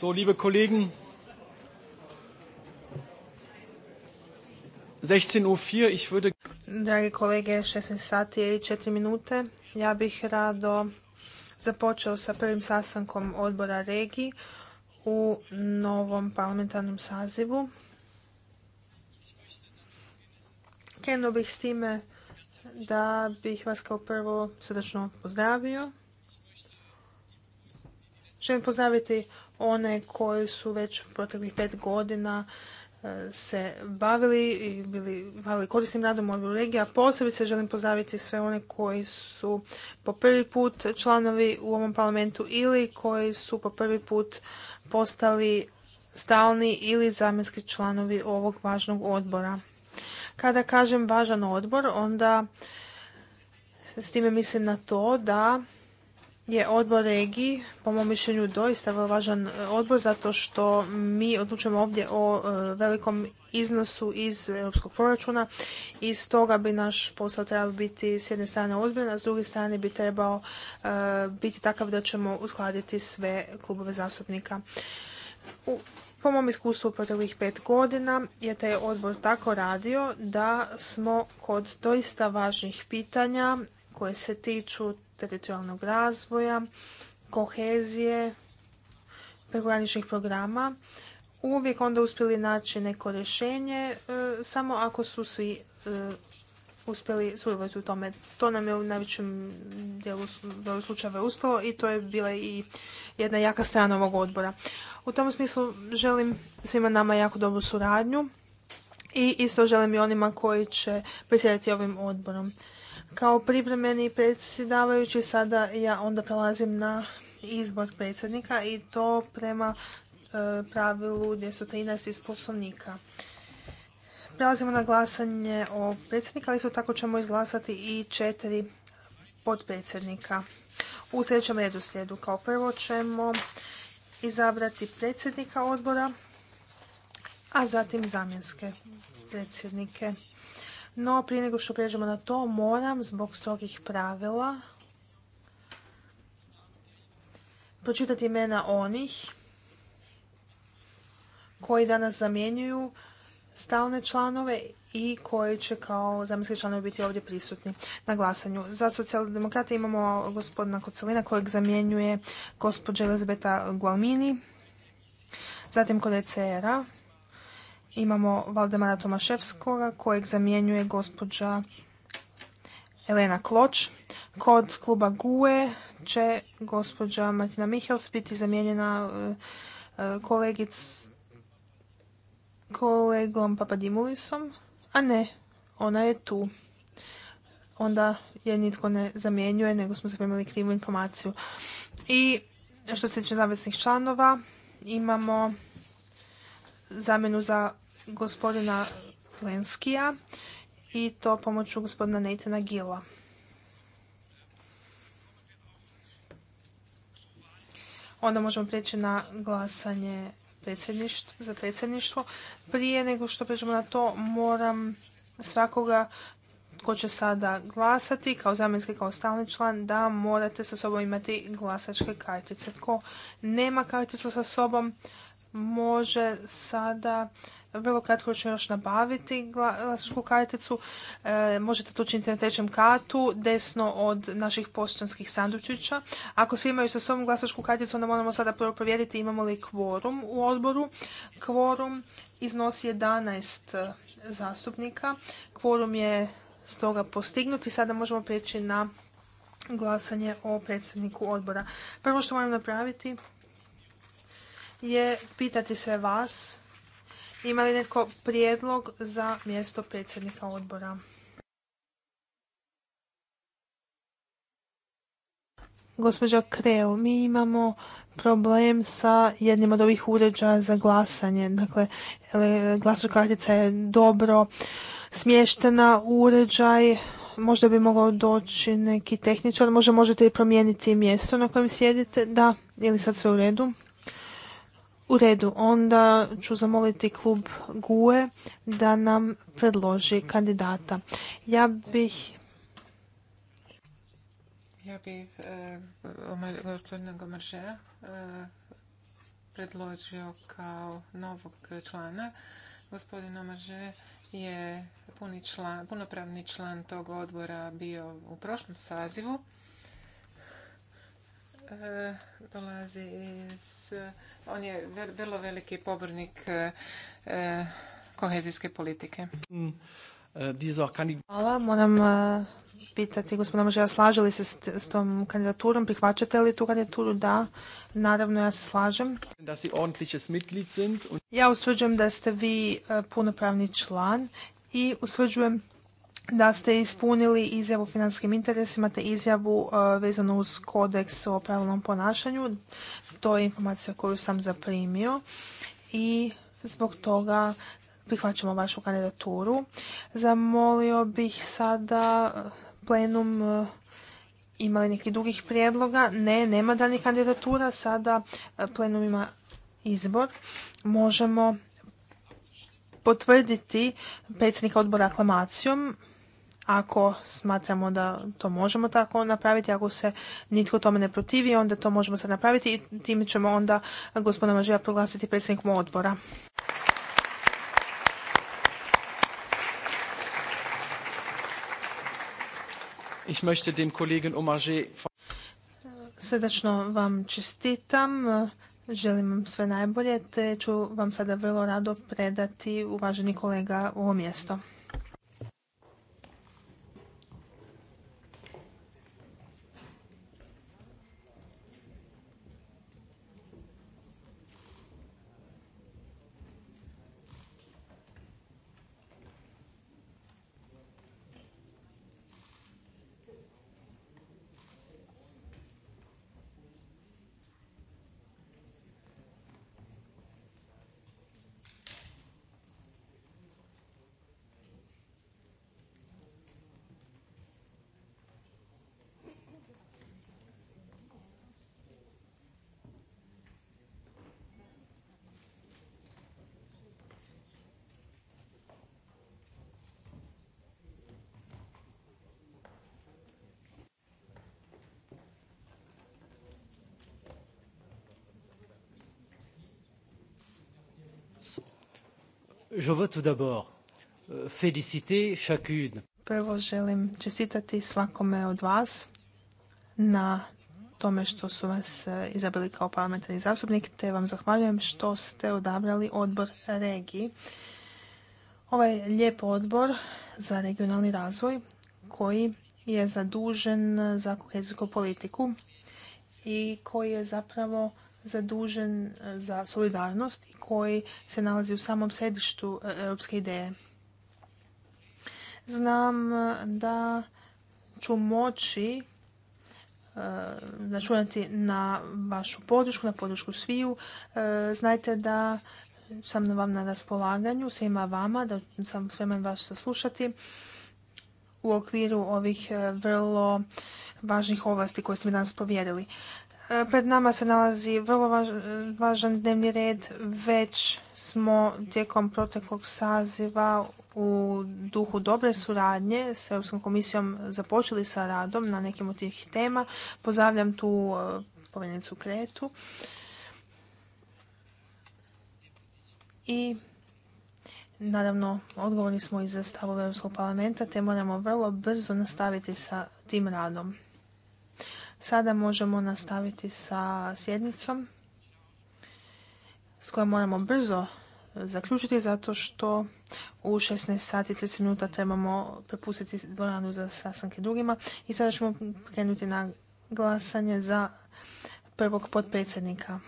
So, liebe Kollegen, 16.04 ich würde... kolege, 16 sati i 4 minute. Ja bih rado započeo sa prvim sastankom odbora regije u novom parlamentarnom sazivu. Krenuo bih s time da bih vas kao prvo srdačno pozdravio. Želim pozdraviti one koji su već proteklih pet godina e, se bavili i bili bavili korisnim radom u regiji, a posebice želim pozdraviti sve one koji su po prvi put članovi u ovom parlamentu ili koji su po prvi put postali stalni ili zamjenski članovi ovog važnog odbora. Kada kažem važan odbor, onda s time mislim na to da je odbor regiji, po mom mišljenju, doista vrlo važan e, odbor zato što mi odlučujemo ovdje o e, velikom iznosu iz europskog proračuna i stoga bi naš posao trebao biti s jedne strane ozbiljan, a s druge strane bi trebao e, biti takav da ćemo uskladiti sve klubove zastupnika. U po mom iskustvu proteklih pet godina je taj odbor tako radio da smo kod doista važnih pitanja koje se tiču teritorijalnog razvoja, kohezije, prekograničnih programa, uvijek onda uspjeli naći neko rješenje e, samo ako su svi e, uspjeli sudjelovati u tome. To nam je u najvećem dijelu slučajeva uspjelo i to je bila i jedna jaka strana ovog odbora. U tom smislu želim svima nama jako dobru suradnju i isto želim i onima koji će predsjedati ovim odborom kao privremeni predsjedavajući sada ja onda prelazim na izbor predsjednika i to prema e, pravilu 213 iz poslovnika. Prelazimo na glasanje o predsjednika, ali isto tako ćemo izglasati i četiri podpredsjednika. U sljedećem redu slijedu kao prvo ćemo izabrati predsjednika odbora, a zatim zamjenske predsjednike. No, prije nego što prijeđemo na to, moram zbog strogih pravila pročitati imena onih koji danas zamjenjuju stalne članove i koji će kao zamjenski članovi biti ovdje prisutni na glasanju. Za socijaldemokrate imamo gospodina Kocelina kojeg zamjenjuje gospođa Elizabeta Gualmini, zatim kod ECR-a imamo Valdemara Tomaševskoga kojeg zamjenjuje gospođa Elena Kloč. Kod kluba GUE će gospođa Martina Mihels biti zamijenjena e, e, kolegic, kolegom Papadimulisom, a ne, ona je tu. Onda je nitko ne zamjenjuje, nego smo zaprimili krivu informaciju. I što se tiče zavisnih članova, imamo zamjenu za gospodina Lenskija i to pomoću gospodina nejtena Gila. Onda možemo prijeći na glasanje za predsjedništvo. Prije nego što pređemo na to, moram svakoga ko će sada glasati kao zamjenski, kao stalni član, da morate sa sobom imati glasačke kartice. Tko nema karticu sa sobom, može sada vrlo kratko ću još nabaviti glasačku karticu. E, možete to učiniti na trećem katu, desno od naših poštanskih sandučića. Ako svi imaju sa sobom glasačku karticu, onda moramo sada prvo provjeriti imamo li kvorum u odboru. Kvorum iznosi 11 zastupnika. Kvorum je stoga postignut i sada možemo prijeći na glasanje o predsjedniku odbora. Prvo što moram napraviti je pitati sve vas ima li neko prijedlog za mjesto predsjednika odbora. Gospođo Krel, mi imamo problem sa jednim od ovih uređaja za glasanje. Dakle, e, glasačka kartica je dobro smještena u uređaj, možda bi mogao doći neki tehničar, možda možete i promijeniti mjesto na kojem sjedite, da, ili sad sve u redu. U redu, onda ću zamoliti klub GUE da nam predloži kandidata. Ja bih ja bih e, gospodina Gomarže e, predložio kao novog člana. Gospodin Gomarže je puni član, punopravni član tog odbora bio u prošlom sazivu E, dolazi iz... On je vrlo veliki pobornik e, e, kohezijske politike. Mm, Hvala, moram pitati gospodina Možeja, slaže li se s, s tom kandidaturom, prihvaćate li tu kandidaturu? Da, naravno ja se slažem. Ja usvrđujem da ste vi punopravni član i usvrđujem da ste ispunili izjavu o financijskim interesima te izjavu e, vezanu uz kodeks o pravilnom ponašanju. To je informacija koju sam zaprimio i zbog toga prihvaćamo vašu kandidaturu. Zamolio bih sada e, plenum e, ima li nekih drugih prijedloga? Ne, nema daljih kandidatura. Sada plenum ima izbor. Možemo potvrditi predsjednika odbora aklamacijom. Ako smatramo da to možemo tako napraviti, ako se nitko tome ne protivi, onda to možemo sad napraviti i time ćemo onda gospodina Mažija proglasiti predsjednikom odbora. Ich möchte dem Kollegen Srdačno vam čestitam, želim vam sve najbolje, te ću vam sada vrlo rado predati uvaženi kolega ovo mjesto. Euh, Prvo želim čestitati svakome od vas na tome što su vas e, izabrali kao parlamentarni zastupnik, te vam zahvaljujem što ste odabrali odbor regiji. Ovaj lijep odbor za regionalni razvoj koji je zadužen za kohezijsku politiku i koji je zapravo zadužen e, za solidarnost i koji se nalazi u samom središtu e, europske ideje. Znam e, da ću moći računati na vašu podršku, na podršku sviju. Znajte da sam vam na raspolaganju, svima vama, da sam spreman vas saslušati u okviru ovih vrlo važnih ovlasti koje ste mi danas povjerili. E, pred nama se nalazi vrlo važan dnevni red. Već smo tijekom proteklog saziva u duhu dobre suradnje s Europskom komisijom započeli sa radom na nekim od tih tema. Pozdravljam tu e, povjenicu Kretu. I Naravno, odgovorni smo i za stavove Europskog parlamenta, te moramo vrlo brzo nastaviti sa tim radom. Sada možemo nastaviti sa sjednicom s kojom moramo brzo zaključiti zato što u 16 sati 30 minuta trebamo prepustiti dvoranu za sastanke drugima i sada ćemo krenuti na glasanje za prvog potpredsjednika.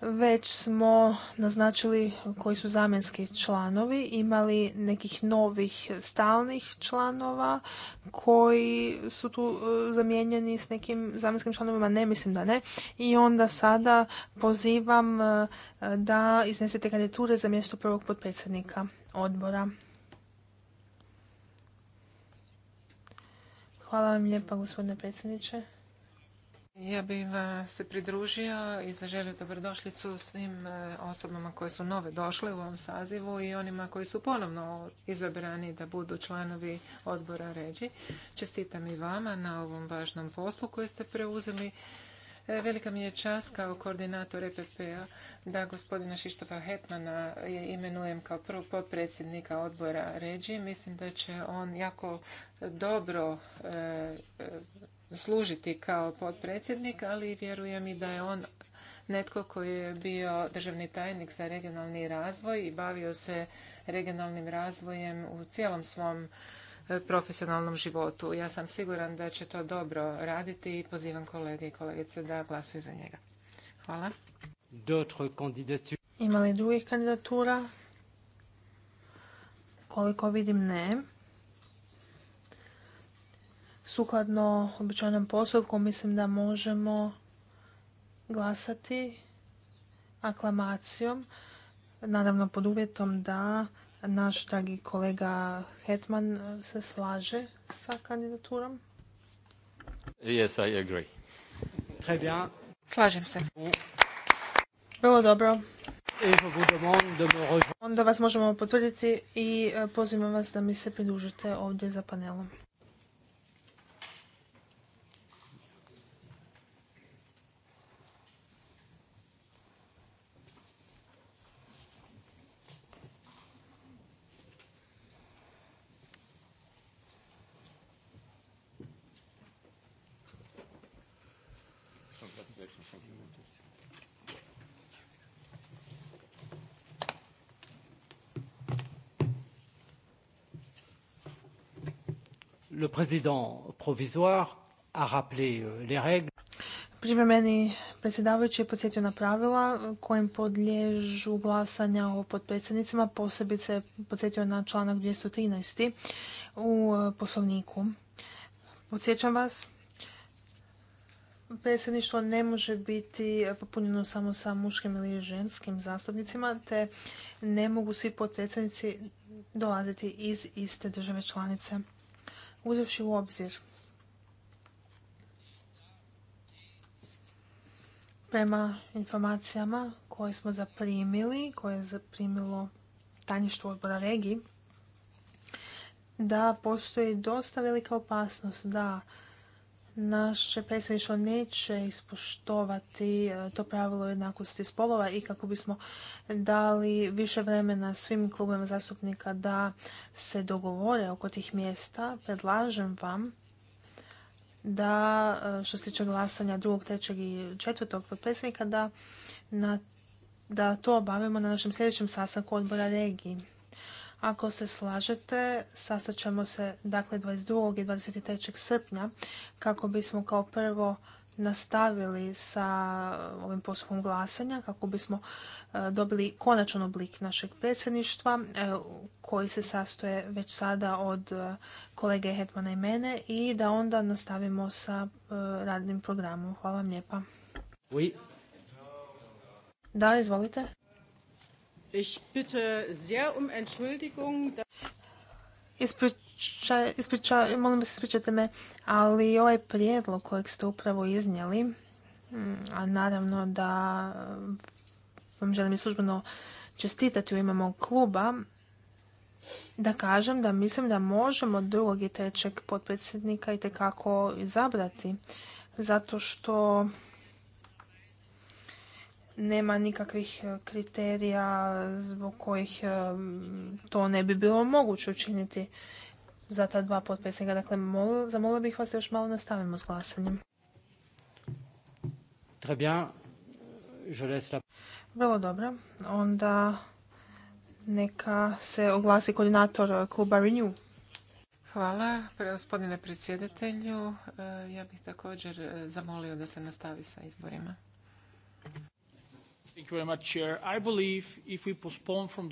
Već smo naznačili koji su zamjenski članovi, imali nekih novih stalnih članova koji su tu e, zamijenjeni s nekim zamjenskim članovima, ne mislim da ne. I onda sada pozivam e, da iznesete kandidature za mjesto prvog potpredsjednika odbora. Hvala vam lijepa gospodine predsjedniče. Ja bih vam se pridružio i zaželio dobrodošlicu svim e, osobama koje su nove došle u ovom sazivu i onima koji su ponovno izabrani da budu članovi odbora Ređi. Čestitam i vama na ovom važnom poslu koji ste preuzeli. E, velika mi je čast kao koordinator EPP-a da gospodina Šištova Hetmana imenujem kao prvog potpredsjednika odbora Ređi. Mislim da će on jako dobro e, služiti kao potpredsjednik, ali vjerujem i da je on netko koji je bio državni tajnik za regionalni razvoj i bavio se regionalnim razvojem u cijelom svom e, profesionalnom životu. Ja sam siguran da će to dobro raditi i pozivam kolege i kolegice da glasuju za njega. Hvala. Ima li drugih kandidatura? Koliko vidim ne. Sukladno običajnom postupku mislim da možemo glasati aklamacijom, naravno pod uvjetom da naš dragi kolega Hetman se slaže sa kandidaturom. Yes, I agree. Slažem se. Vrlo dobro. Onda vas možemo potvrditi i e, pozivam vas da mi se pridružite ovdje za panelom. le président provisoire a rappelé euh, les règles. Privremeni predsjedavajući je podsjetio na pravila kojim podliježu glasanja o potpredsjednicima, posebice podsjetio na članak 213. u e, poslovniku. Podsjećam vas, predsjedništvo ne može biti popunjeno samo sa muškim ili ženskim zastupnicima, te ne mogu svi potpredsjednici dolaziti iz iste države članice uzevši u obzir prema informacijama koje smo zaprimili, koje je zaprimilo tajništvo odbora regiji, da postoji dosta velika opasnost da naše predsjedništvo neće ispoštovati e, to pravilo jednakosti spolova i kako bismo dali više vremena svim klubima zastupnika da se dogovore oko tih mjesta, predlažem vam da e, što se tiče glasanja drugog, trećeg i četvrtog potpredsjednika da, da to obavimo na našem sljedećem sastanku odbora regiji. Ako se slažete, sastat ćemo se dakle 22. i 23. srpnja kako bismo kao prvo nastavili sa ovim postupom glasanja kako bismo e, dobili konačan oblik našeg predsjedništva e, koji se sastoje već sada od e, kolege Hetmana i mene i da onda nastavimo sa radnim programom. Hvala vam lijepa. Da, izvolite. Ich bitte sehr um Entschuldigung. molim se ispričajte me, ali ovaj prijedlog kojeg ste upravo iznijeli, mm, a naravno da mm, vam želim i službeno čestitati u ime mog kluba, da kažem da mislim da možemo drugog i trećeg potpredsjednika i tekako izabrati, zato što nema nikakvih e, kriterija zbog kojih e, to ne bi bilo moguće učiniti za ta dva potpredsjednika. Dakle, mol, zamolila bih vas da još malo nastavimo s glasanjem. Vrlo dobro. Onda neka se oglasi koordinator kluba Renew. Hvala, gospodine predsjedatelju. E, ja bih također zamolio da se nastavi sa izborima.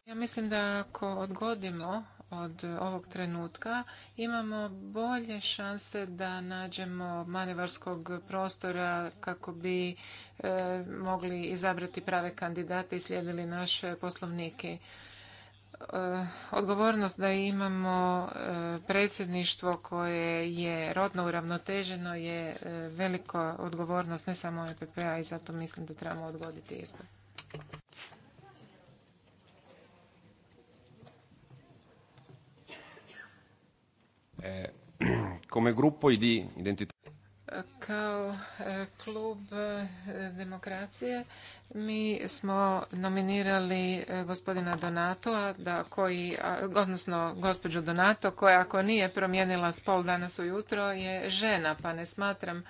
Ja mislim da ako odgodimo od ovog trenutka imamo bolje šanse da nađemo manevarskog prostora kako bi e, mogli izabrati prave kandidate i slijedili naše poslovnike. E, odgovornost da imamo e, predsjedništvo koje je rodno uravnoteženo je e, velika odgovornost ne samo EPP-a i zato mislim da trebamo odgoditi izbor. Eh, come gruppo kao e, klub e, demokracije mi smo nominirali e, gospodina Donatoa, da koji, odnosno gospođu Donato, koja ako nije promijenila spol danas ujutro je žena, pa ne smatram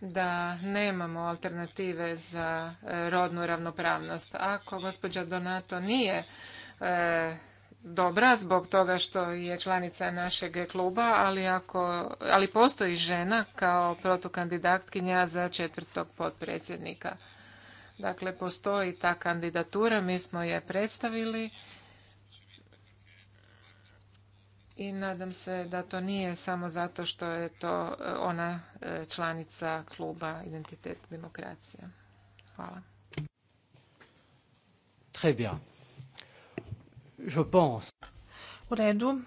da nemamo alternative za rodnu ravnopravnost. Ako gospođa Donato nije dobra zbog toga što je članica našeg kluba, ali, ako, ali postoji žena kao protukandidatkinja za četvrtog potpredsjednika. Dakle, postoji ta kandidatura, mi smo je predstavili i nadam se da to nije samo zato što je to e, ona e, članica kluba Identitet demokracija. Hvala. Très je U redu.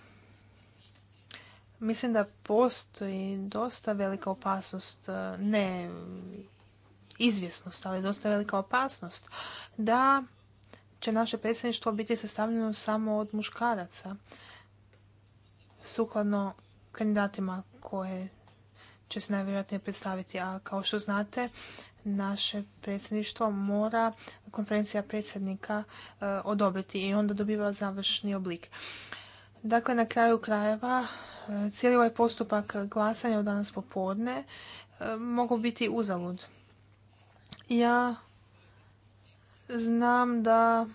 Mislim da postoji dosta velika opasnost, e, ne izvjesnost, ali dosta velika opasnost da će naše predsjedništvo biti sastavljeno samo od muškaraca sukladno kandidatima koje će se najvjerojatnije predstaviti. A kao što znate, naše predsjedništvo mora konferencija predsjednika e, odobriti i onda dobiva završni oblik. Dakle, na kraju krajeva e, cijeli ovaj postupak glasanja od danas popodne e, mogu biti uzalud. Ja znam da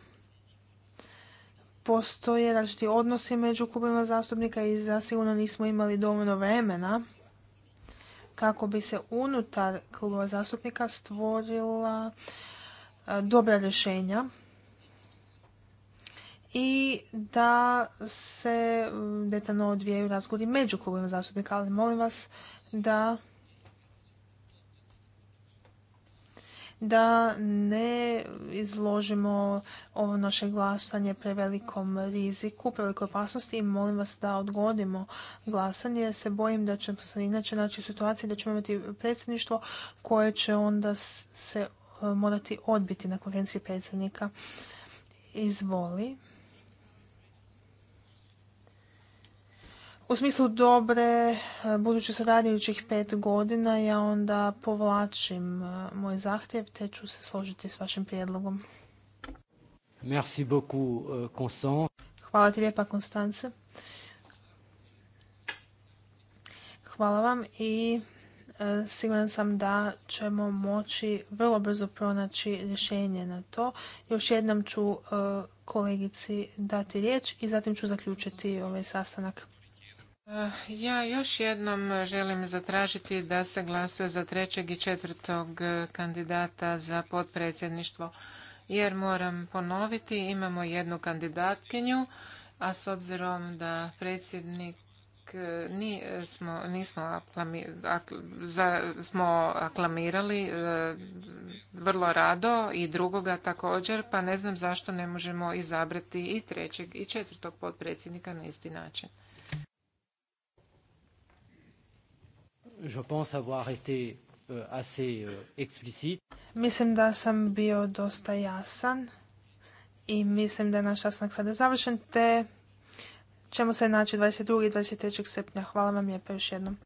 postoje različiti odnosi među klubima zastupnika i zasigurno nismo imali dovoljno vremena kako bi se unutar klubova zastupnika stvorila e, dobra rješenja i da se detaljno odvijaju razgovori među klubovima zastupnika, ali molim vas da da ne izložimo ovo naše glasanje prevelikom riziku, prevelikoj opasnosti i molim vas da odgodimo glasanje jer se bojim da ćemo se inače naći u situaciji da ćemo imati predsjedništvo koje će onda se e, morati odbiti na konvenciji predsjednika. Izvoli. u smislu dobre e, buduće suradnje radijućih pet godina ja onda povlačim e, moj zahtjev te ću se složiti s vašim prijedlogom. Merci beaucoup, euh, Hvala ti lijepa, Konstance. Hvala vam i e, siguran sam da ćemo moći vrlo brzo pronaći rješenje na to. Još jednom ću kolegici dati riječ i zatim ću zaključiti ovaj sastanak. Eh, ja još jednom želim zatražiti da se glasuje za trećeg i četvrtog eh, kandidata za potpredsjedništvo, jer moram ponoviti, imamo jednu kandidatkinju, a s obzirom da predsjednik eh, nismo, smo aklamirali vrlo rado i drugoga također, pa ne znam zašto ne možemo izabrati i trećeg i četvrtog potpredsjednika na isti način. je pense avoir été euh, assez euh, explicite. Mislim da sam bio dosta jasan i mislim da je naš sastanak sada završen, te ćemo se naći 22. i 23. srpnja. Hvala vam lijepa još jednom.